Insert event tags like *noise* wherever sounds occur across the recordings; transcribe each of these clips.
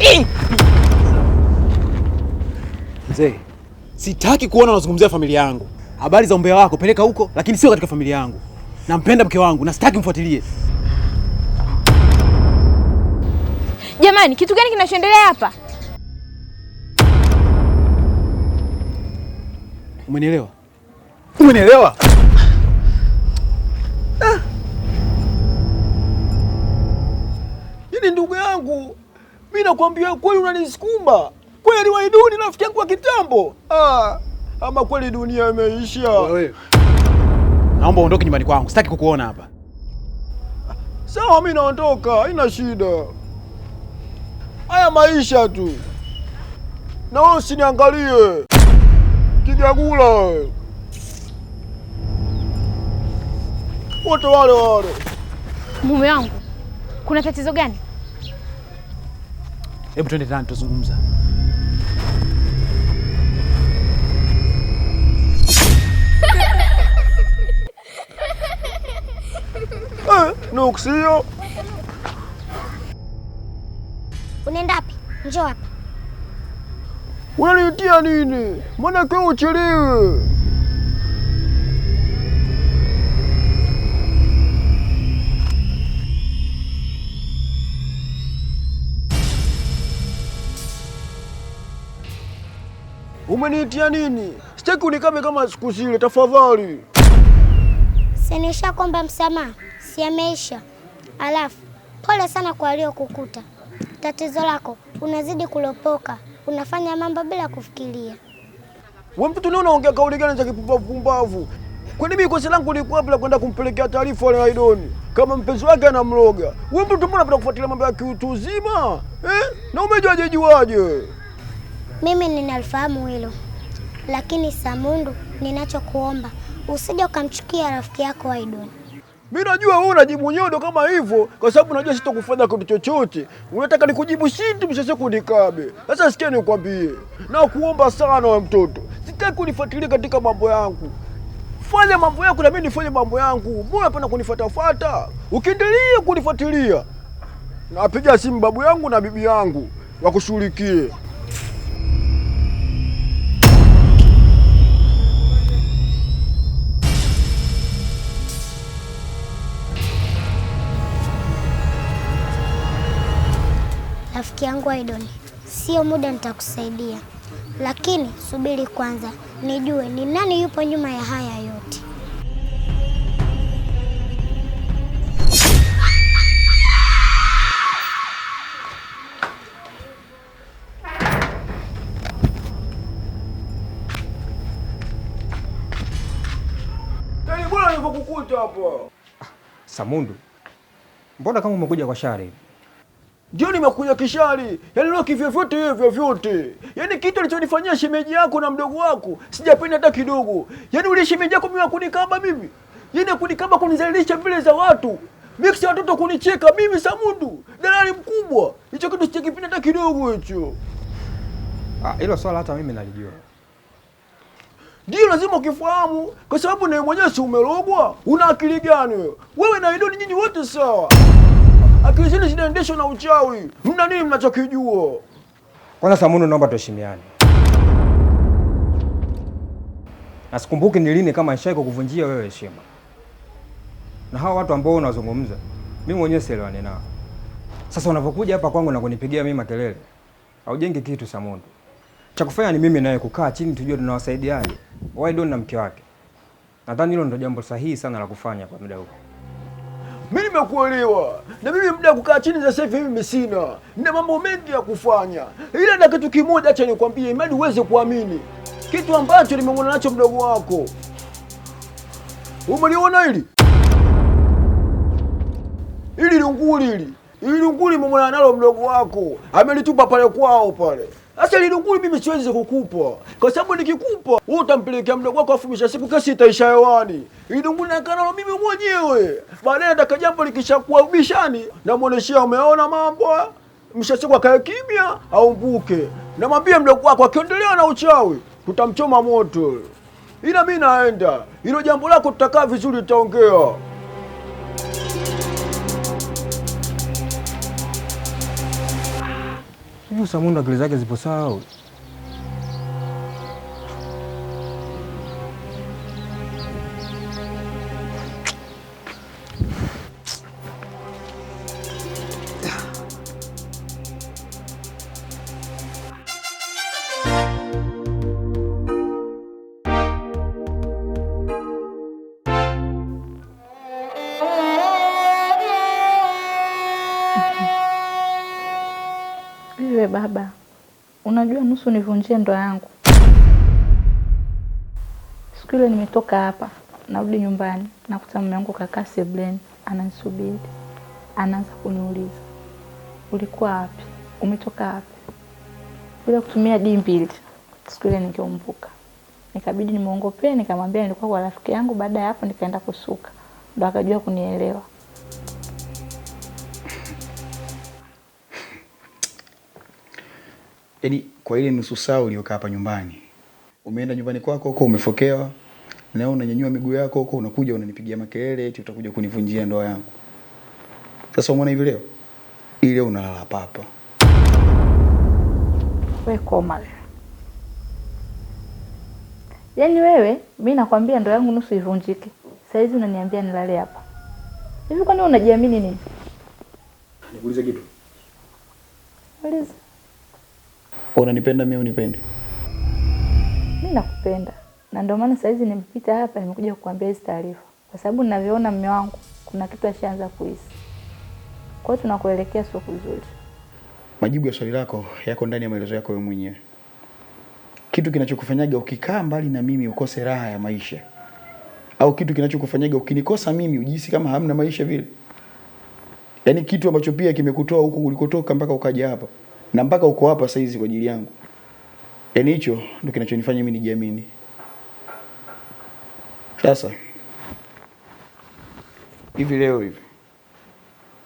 Eh! Mzee, sitaki kuona unazungumzia familia yangu. Habari za umbea wako peleka huko, lakini sio katika familia yangu. Nampenda mke wangu na sitaki mfuatilie. Jamani, kitu gani kinachoendelea hapa? Umenielewa? Umenielewa? Ah. Ini ndugu yangu mimi nakwambia kweli, unanisukuma kweli, Waiduni rafiki yangu wa kitambo. Ah, ama kweli dunia imeisha. Wewe naomba uondoke nyumbani kwangu, sitaki kukuona hapa. Sawa, mimi naondoka, haina shida. Haya maisha tu, na wewe usiniangalie kijagula, wote wale wale. Mume wangu, kuna tatizo gani? Hebu twende ndani tuzungumza. *laughs* Eh, Nuksio, unaenda wapi? Njoo hapa. Unanitia nini? Mbona kwa uchelewe? Umeniitia nini? Sitaki unikame kama siku zile, tafadhali. Senesha kwamba msamaha si ameisha. Alafu pole sana kwa waliokukuta. Tatizo lako unazidi kulopoka, unafanya mambo bila kufikiria. Wewe mtu ni unaongea kauli gani za kipumbavu? Kwani mimi kosa langu lilikuwa bila kwenda kumpelekea taarifa wale Aidoni kama mpenzi wake anamloga? Wewe mtu mbona unapenda kufuatilia mambo ya kiutu uzima eh? na umejuaje juaje? Mimi ninalifahamu hilo, lakini Samundu, ninachokuomba usije ukamchukia rafiki yako Aidon. Mimi najua wewe unajibu nyodo kama hivyo kwa sababu najua sitokufanya kitu chochote. Unataka nikujibu situ mshase kunikabe. Sasa sikia nikwambie. Na kuomba sana wewe mtoto. Sitaki kunifuatilia katika mambo yangu. Fanya mambo yako na mimi nifanye mambo yangu. Mbona unapenda kunifuatafuata? Ukiendelea kunifuatilia, napiga simu babu yangu na bibi yangu wakushughulikie. yangu Aidon, sio muda nitakusaidia, lakini subiri kwanza nijue ni nani yupo nyuma ya haya yote. Ah, Samundu, mbona kama umekuja kwa shari? Ndio nimekuja kishari. Yaani leo kivyo vyote hiyo vyo vyote. Yaani kitu alichonifanyia shemeji yako na mdogo wako sijapenda hata kidogo. Yaani ule shemeji yako mimi akunikaba mimi. Yaani akunikaba kunizalilisha mbele za watu. Mix watoto kunicheka mimi Samundu. Dalali mkubwa. Hicho kitu sijakipenda hata kidogo hicho. Ah, hilo swala hata mimi nalijua. Ndio lazima ukifahamu kwa sababu na mwenyewe si umerogwa. Una akili gani wewe? Wewe na Idoni nyinyi wote sawa akili zenu zinaendeshwa na uchawi. Mna nini mnachokijua? Kwanza Samunu, naomba tuheshimiane. Nasikumbuki ni lini kama nishai kukuvunjia wewe heshima. Na hawa watu ambao unazungumza, mimi mwenyewe sielewani nao. Sasa unapokuja hapa kwangu na kunipigia mimi makelele, haujengi kitu Samunu. Cha kufanya ni mimi naye kukaa chini tujue tunawasaidiaje. Why don na mke wake. Nadhani hilo ndio jambo sahihi sana la kufanya kwa muda huu mi nimekuelewa, na mimi muda kukaa chini za hivi mimi sina, nina mambo mengi ya kufanya, ila na kitu kimoja acha nikwambie, imani uweze kuamini kitu ambacho nimeona nacho mdogo wako. Umeliona hili hili lunguli hili hili lunguli, nimeona nalo mdogo wako amelitupa pale kwao pale sasa lile nguli mimi siwezi kukupa. Kwa sababu nikikupa, wewe utampelekea mdogo wako afumisha siku kesi itaisha hewani. Ile nguli na kanalo mimi mwenyewe. Baadaye ndaka jambo likishakuwa ubishani na mwoneshia umeona mambo. Eh? mshasiku siku akae kimya au mbuke. Namwambia mdogo wako akiendelea na uchawi, tutamchoma moto. Ila mimi naenda. Hilo jambo lako tutakaa vizuri tutaongea. Hivi Samundo akili zake zipo sawa? Unajua nusu nivunjie ndoa yangu. Siku ile nimetoka hapa, narudi nyumbani, nakuta mume wangu kakaa sebleni, ananisubiri, anaanza kuniuliza ulikuwa wapi, umetoka wapi? Bila kutumia dimbili mbili, siku ile ningeumbuka, nikabidi nimuongopee, nikamwambia nilikuwa kwa rafiki yangu. Baada ya hapo, nikaenda kusuka, ndo akajua kunielewa. yaani kwa ile nusu saa uliokaa hapa nyumbani, umeenda nyumbani kwako huko umefokewa, na unanyanyua miguu yako huko, unakuja unanipigia makelele eti utakuja kunivunjia ndoa yangu. Sasa umeona hivi leo ile leo unalala papa. wewe, koma, yaani wewe, mi nakwambia ndoa yangu nusu ivunjike, saizi unaniambia nilale hapa hivi? Kwani unajiamini nini? Nikuulize kitu. Uliza. Unanipenda mimi unipendi? Mimi nakupenda, na ndio maana saa hizi nimepita hapa, nimekuja kukuambia hizi taarifa, kwa sababu ninavyoona mume wangu kuna kitu ashaanza kuhisi. Kwa hiyo tunakuelekea sio kuzuri. Majibu ya swali lako yako ndani ya maelezo yako wewe mwenyewe. Kitu kinachokufanyaga ukikaa mbali na mimi ukose raha ya maisha, au kitu kinachokufanyaga ukinikosa mimi ujihisi kama hamna maisha vile, yaani kitu ambacho pia kimekutoa huko ulikotoka mpaka ukaja hapa na mpaka uko hapa sasa hizi kwa ajili yangu. Yaani hicho ndio kinachonifanya mimi nijiamini. Sasa hivi leo hivi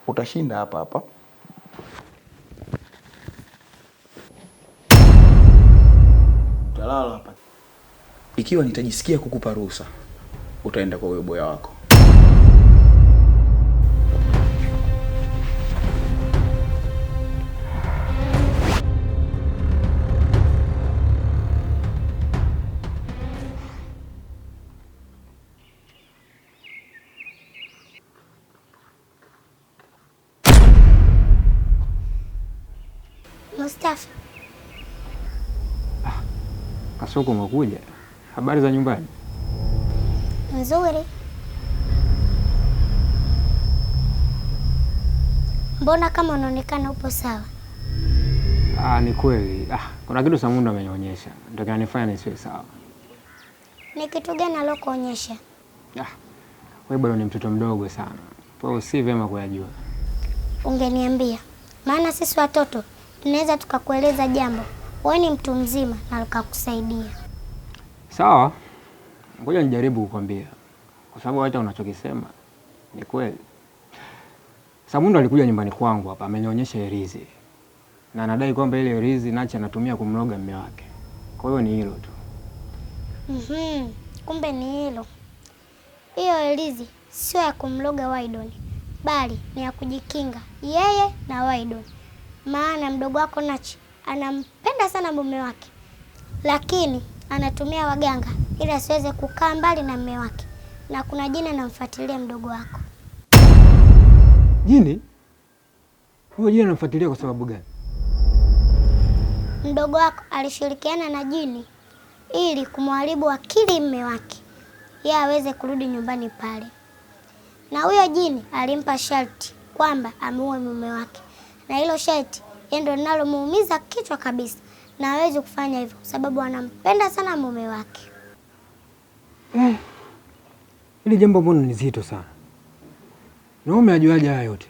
utashinda hapa hapa utalala hapa, ikiwa nitajisikia kukupa ruhusa, utaenda kwa huyo boya wako. Mustafa. Ah, Kasoko umekuja. Habari za nyumbani? Nzuri. Mbona kama unaonekana upo sawa? Ah, ni kweli. Ah, kuna kitu Samundu amenionyesha ndio kinanifanya nisiwe sawa. Ni kitu gani alokuonyesha? Ah, wewe bado ni mtoto mdogo sana, kwa hiyo si vyema kuyajua. Ungeniambia, maana sisi watoto tunaweza tukakueleza jambo, wewe ni mtu mzima na likakusaidia. Sawa, ngoja nijaribu kukwambia, kwa sababu hata unachokisema ni kweli. Samundo alikuja nyumbani kwangu hapa, amenionyesha herizi na anadai kwamba ile erizi nacha anatumia kumloga mume wake. Kwa hiyo ni hilo tu. mm -hmm. Kumbe ni hilo. Hiyo herizi sio ya kumloga Wydon, bali ni ya kujikinga yeye na Wydon maana mdogo wako Nachi anampenda sana mume wake, lakini anatumia waganga ili asiweze kukaa mbali na mume wake, na kuna jini anamfuatilia mdogo wako. Jini huyo? Jini anamfuatilia kwa sababu gani? Mdogo wako alishirikiana na jini ili kumharibu akili mume wake, ya aweze kurudi nyumbani pale, na huyo jini alimpa sharti kwamba amuue mume wake na hilo sheti ndio linalomuumiza kichwa kabisa, na hawezi kufanya hivyo kwa sababu anampenda sana mume wake. Eh, hili jambo mbona ni zito sana, na wewe umeajuaje haya yote?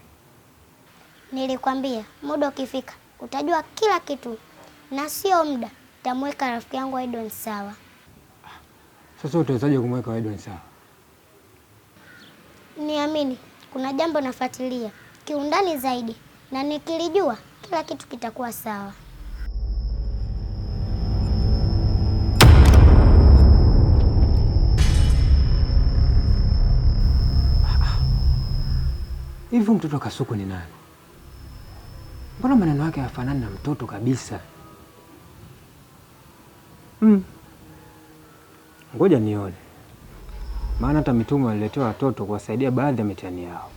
Nilikwambia muda ukifika utajua kila kitu, na sio muda tamweka rafiki yangu Aidon sawa. Sasa utawezaje kumweka Aidon sawa? Niamini kuna jambo nafuatilia kiundani zaidi na nikilijua kila kitu kitakuwa sawa. Hivi mtoto Kasuku ni nani? Mbona maneno yake hayafanani na mtoto kabisa? Mm. Ngoja nione, maana hata mitume waliletewa watoto kuwasaidia baadhi ya mitihani yao.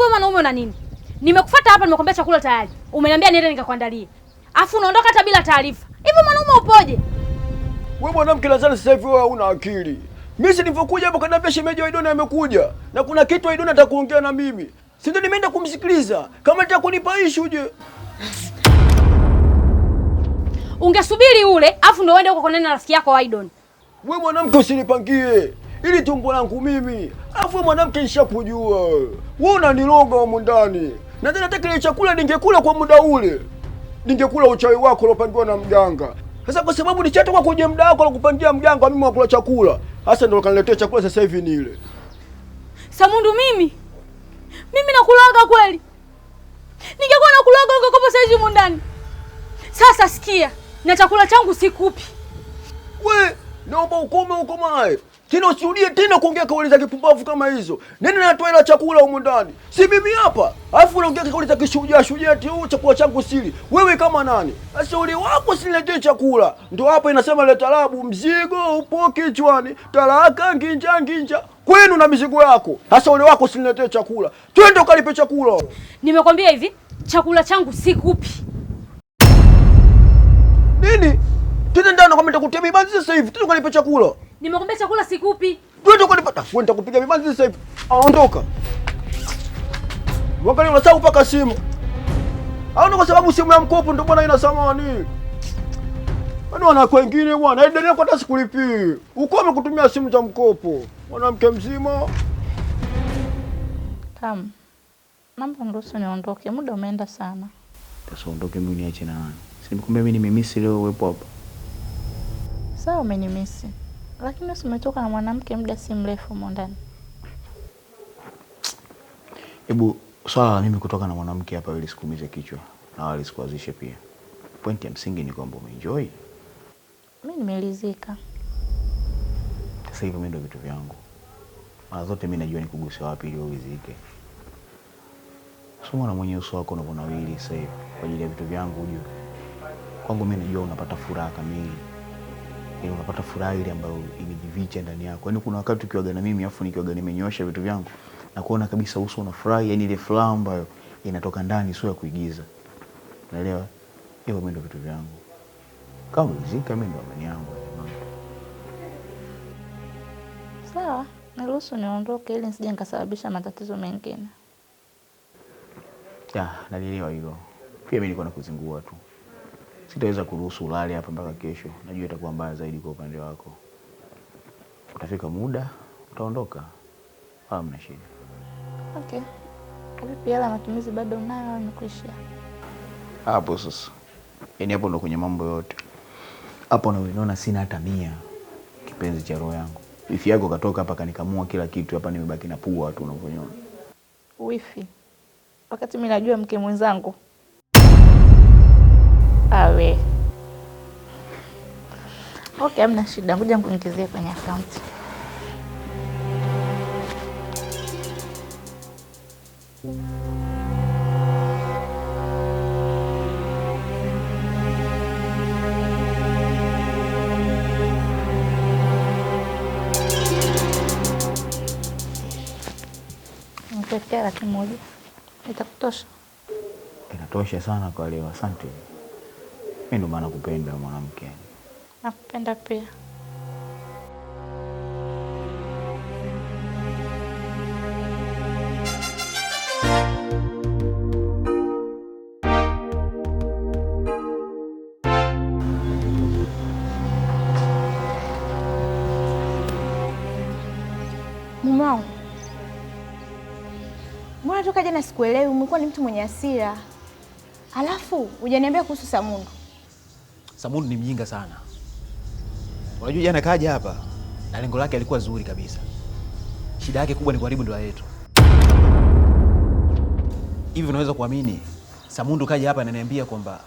hivyo wewe mwanaume una nini? Nimekufuata hapa nimekuambia chakula tayari. Umeniambia niende nikakuandalie. Afu unaondoka hata bila taarifa. Hivyo mwanaume upoje? Wewe mwanamke lazima sasa hivi wewe una akili. Mimi si nilivyokuja hapo kaniambia shemeji wa Idona amekuja na kuna kitu wa Idona atakuongea na mimi. Si ndio nimeenda kumsikiliza. Kama nitakunipa issue uje. Ungesubiri ule afu ndio uende huko kwa nani na rafiki yako Aidon. Wewe mwanamke usinipangie ili tumbo langu mimi. Alafu mwanamke nishakujua wewe, unaniroga humu ndani, na tena hata kile chakula ningekula kwa muda ule, ningekula uchawi wako uliopangiwa na mganga. Sasa kwa sababu nishatoka kwenye muda wako wa kupangia mganga, mimi wakula chakula hasa, ndio kaniletea chakula sasa hivi nile. Samundu, mimi mimi nakulaga kweli? Ningekuwa nakulaga ungekopa saizi humu ndani. Sasa sikia, na chakula changu sikupi we, naomba ukome ukomae tena usirudie tena kuongea kauli za kipumbavu kama hizo. Nini natoa ila chakula humu ndani, si mimi hapa, alafu unaongea kauli za kishujaa shujaa, tu huu chakula changu siri. Wewe kama nani? Sasa Shauri wako, siniletee chakula. Ndio hapa inasema ile tarabu, mzigo upo kichwani, talaka nginja nginja kwenu na mizigo yako. Sasa ule wako usiniletee chakula, twende ukalipe chakula. Nimekwambia hivi, chakula changu sikupi nini. Twende ndani, nakwambia nitakutia mibanzi sasa hivi, twende ukalipe chakula. Nimekuambia chakula sikupi. Twende kwa nipata. Wewe nitakupiga vibanzi sasa hivi. Aondoka. Wangalia unasahau paka simu. Hauna kwa sababu simu ya mkopo ndio bwana ina samani. Wani wana wengine bwana, hadi ndio hata sikulipi. Ukome kutumia simu za mkopo. Mwanamke mzima. Tam. Mambo ndoso niondoke. Muda umeenda sana. Sasa ondoke mimi niache na nani? Sinikwambia mimi nimemisi leo uwepo hapa. Sawa, umenimisi. Lakini si umetoka na mwanamke muda si mrefu mo ndani? Hebu swala la mimi kutoka na mwanamke hapa lisikuumize kichwa na wala lisikuazishe pia. Pointi ya msingi ni kwamba umeenjoy. Mimi nimelizika. Sasa hivyo mimi ndio vitu vyangu. Mara zote mimi najua nikuguse wapi ili ulizike. Soma na mwenye uso wako unavyonawili sasa hivi kwa ajili ya vitu vyangu hujui. Kwangu mimi najua unapata furaha kamili unapata furaha ile ambayo imejificha ndani yako. Yaani kuna wakati ukiwaga na mimi afu nikiwaga nimenyoosha vitu vyangu na kuona kabisa uso unafurahi, yani ile furaha ambayo inatoka ndani, sio ya kuigiza. Unaelewa? Hiyo mimi ndo vitu vyangu. Kama zika kama ndo amani yangu. Sawa, niruhusu niondoke ili nisije nikasababisha matatizo mengine. Ya, ah, nalielewa hilo. Pia mimi na kuzingua tu sitaweza kuruhusu ulale hapa mpaka kesho. Najua itakuwa mbaya zaidi kwa upande wako. Utafika muda utaondoka, wala mna shida. Okay. Pia la matumizi bado unayo au Hapo sasa, yaani hapo ndo kwenye mambo yote hapo, naona sina hata mia, kipenzi cha roho yangu. Wifi yako katoka hapa kanikamua kila kitu hapa, nimebaki na pua tu unavyoniona. Wifi wakati mimi najua mke mwenzangu awe okay, hamna shida, ngoja nikuingizie kwenye akaunti. Nitakutia laki moja, itakutosha? Inatosha sana kwa leo, asante. Mimi ndo maana kupenda mwanamke. Nakupenda pia. Mumao, mbona toka jana sikuelewi? Umekuwa ni mtu mwenye hasira, alafu hujaniambia kuhusu Samundu. Samuni ni mjinga sana. Unajua jana kaja hapa na lengo lake alikuwa zuri kabisa. Shida yake kubwa ni kuharibu ndoa yetu. Hivi unaweza kuamini? Samundu kaja hapa ananiambia kwamba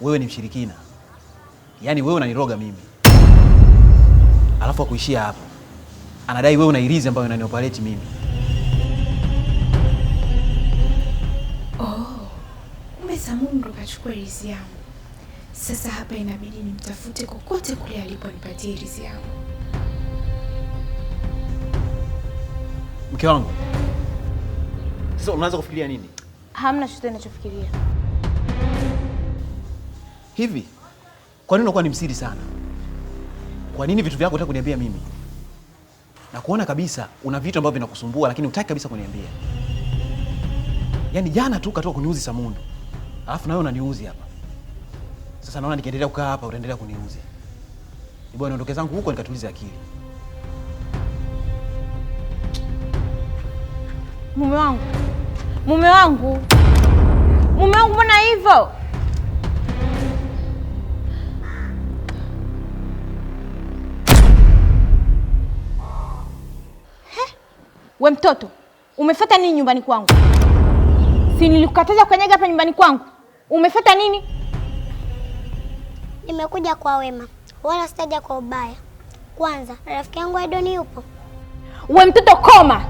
wewe ni mshirikina, yaani wewe unaniroga mimi, alafu akuishia hapo. Anadai wewe una irizi ambayo unanioperate mimi. Oh, kumbe Samundu kachukua irizi yangu. Sasa hapa inabidi nimtafute kokote kule alipo nipatie rizi yangu. Mke wangu, sasa unaanza kufikiria nini? Hamna chochote ninachofikiria. Hivi kwa nini unakuwa ni msiri sana? Kwa nini vitu vyako unataka kuniambia mimi? Na kuona kabisa una vitu ambavyo vinakusumbua lakini hutaki kabisa kuniambia. Yaani jana tu katoka kuniuzi samundu. Alafu nawe unaniuzi hapa. Sasa naona nikiendelea kukaa hapa utaendelea kuniuzi. Ni bwana niondoke zangu huko nikatulize akili. Mume wangu, mume wangu, mume wangu, mbona hivyo? We mtoto, umefata nini nyumbani kwangu? Si nilikukataza kukanyaga hapa nyumbani kwangu? Umefata nini? Nimekuja kwa wema, wala sitaja kwa ubaya. Kwanza rafiki yangu Edoni yupo? We mtoto koma!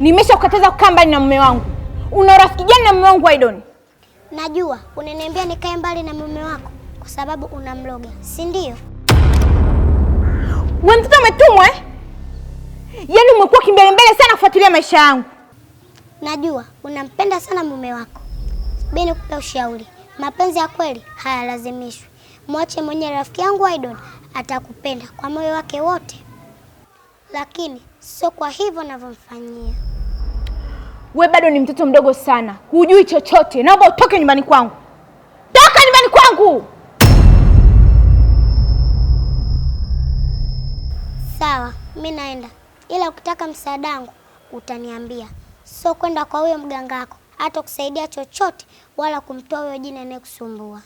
Nimeshakukataza kukaa mbali na mume wangu. Una rafiki gani na mume wangu Edoni? Najua unaniambia nikae mbali na mume wako kwa sababu unamloga, si ndio? We mtoto umetumwa eh? Yaani umekuwa kimbelembele sana kufuatilia maisha yangu. Najua unampenda sana mume wako, subiri nikupe ushauri. Mapenzi ya kweli hayalazimishwi. Mwache mwenye rafiki yangu Aidon atakupenda kwa moyo wake wote, lakini sio kwa hivyo navyomfanyia. We bado ni mtoto mdogo sana, hujui chochote. Naomba utoke nyumbani kwangu, toka nyumbani kwangu. Sawa, mi naenda, ila ukitaka msaada wangu utaniambia. Sio kwenda kwa huyo mganga wako, hata kusaidia chochote wala kumtoa huyo jini anayekusumbua.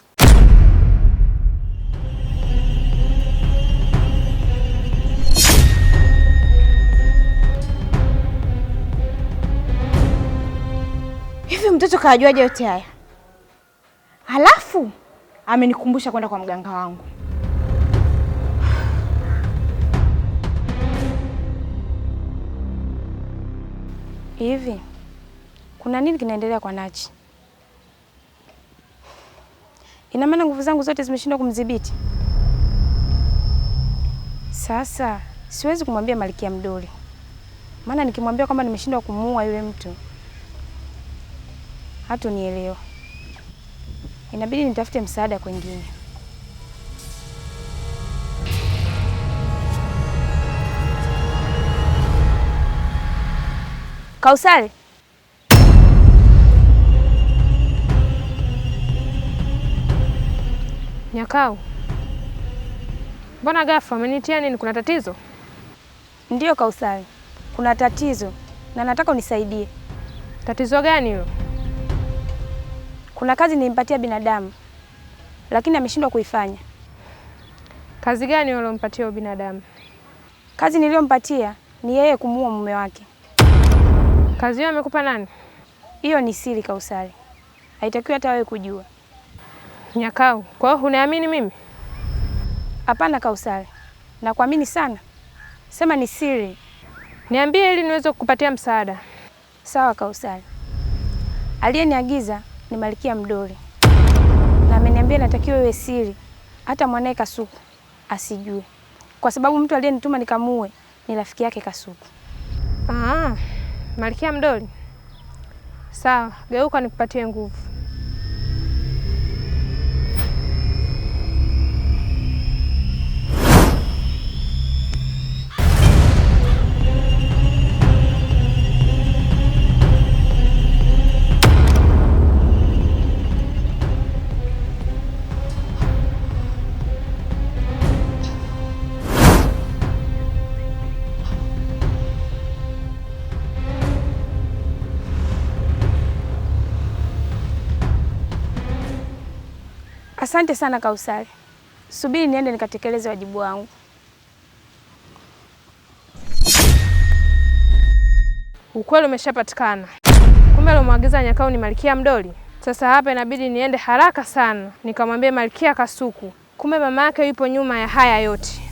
Hivi mtoto kawajuaje yote haya? Halafu amenikumbusha kwenda kwa mganga wangu. Hivi kuna nini kinaendelea kwa Nachi? Ina maana nguvu zangu zote zimeshindwa kumdhibiti. Sasa siwezi kumwambia Malkia Mdoli, maana nikimwambia kwamba nimeshindwa kumuua yule mtu hatunielewa. Inabidi nitafute msaada kwengine. kausali Nyakau, mbona ghafla umenitia nini? Kuna tatizo? Ndiyo kausali kuna tatizo na nataka unisaidie. Tatizo gani hilo? Kuna kazi nilimpatia binadamu lakini ameshindwa kuifanya. Kazi gani uliompatia huyo binadamu? Kazi niliyompatia ni yeye kumuua mume wake. Kazi hiyo amekupa nani? Hiyo ni siri Kausawe, haitakiwi hata wewe kujua. Nyakau, kwa hiyo huniamini mimi? Hapana Kausale, nakuamini sana, sema ni siri. Niambie ili niweze kukupatia msaada. Sawa Kausale. Aliyeniagiza ni Malkia Mdoli na ameniambia natakiwa iwe siri, hata mwanae Kasuku asijue, kwa sababu mtu aliyenituma nikamue ni rafiki yake Kasuku. Ah, Malkia Mdoli, sawa, geuka nikupatie nguvu. Asante sana Kausari, subiri niende nikatekeleze wajibu wangu. Ukweli umeshapatikana, kumbe alomwagiza Nyakau ni Malkia Mdoli. Sasa hapa inabidi niende haraka sana nikamwambie Malkia Kasuku, kumbe mama yake yupo nyuma ya haya yote.